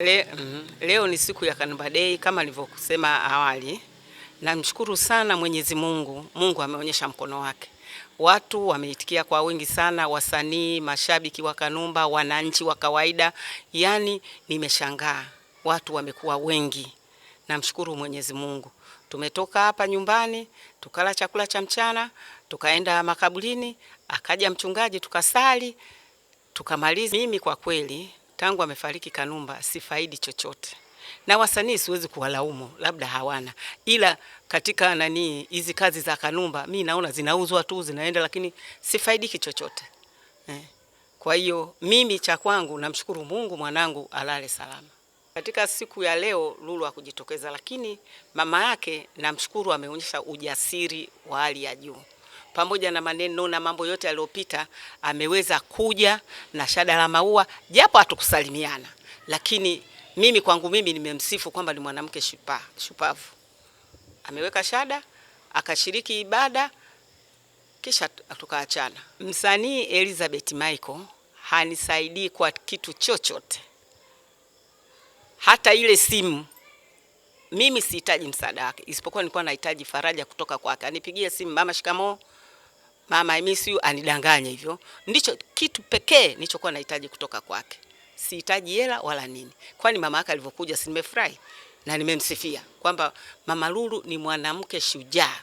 Le, mm, leo ni siku ya Kanumba Day kama nilivyokusema awali. Namshukuru sana Mwenyezi Mungu. Mungu ameonyesha mkono wake, watu wameitikia kwa wingi sana, wasanii, mashabiki wa Kanumba, wananchi wa kawaida, yaani nimeshangaa, watu wamekuwa wengi. Namshukuru Mwenyezi Mungu. Tumetoka hapa nyumbani tukala chakula cha mchana, tukaenda makaburini, akaja mchungaji, tukasali, tukamaliza. Mimi kwa kweli tangu amefariki Kanumba sifaidi chochote, na wasanii siwezi kuwalaumu, labda hawana, ila katika nani, hizi kazi za Kanumba mi naona zinauzwa tu zinaenda, lakini sifaidiki chochote eh. Kwa hiyo mimi cha kwangu namshukuru Mungu, mwanangu alale salama. Katika siku ya leo Lulu hakujitokeza, lakini mama yake namshukuru, ameonyesha ujasiri wa hali ya juu pamoja na maneno na mambo yote yaliyopita, ameweza kuja na shada la maua, japo hatukusalimiana, lakini mimi kwangu mimi nimemsifu kwamba ni mwanamke shupa, shupavu. Ameweka shada akashiriki ibada kisha tukaachana. Msanii Elizabeth Michael hanisaidii kwa kitu chochote, hata ile simu mimi sihitaji msaada wake, isipokuwa nilikuwa nahitaji faraja kutoka kwake. Anipigie simu, mama shikamoo Mama Hamisi anidanganya hivyo. Ndicho kitu pekee nilichokuwa nahitaji kutoka kwake. Sihitaji hela wala nini. Kwani mama yake alivyokuja si nimefurahi na nimemsifia kwamba Mama Lulu ni mwanamke shujaa.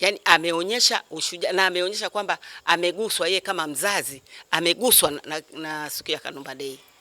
Yaani ameonyesha ushujaa na ameonyesha kwamba ameguswa yeye kama mzazi, ameguswa na, na, na siku ya Kanumba Day.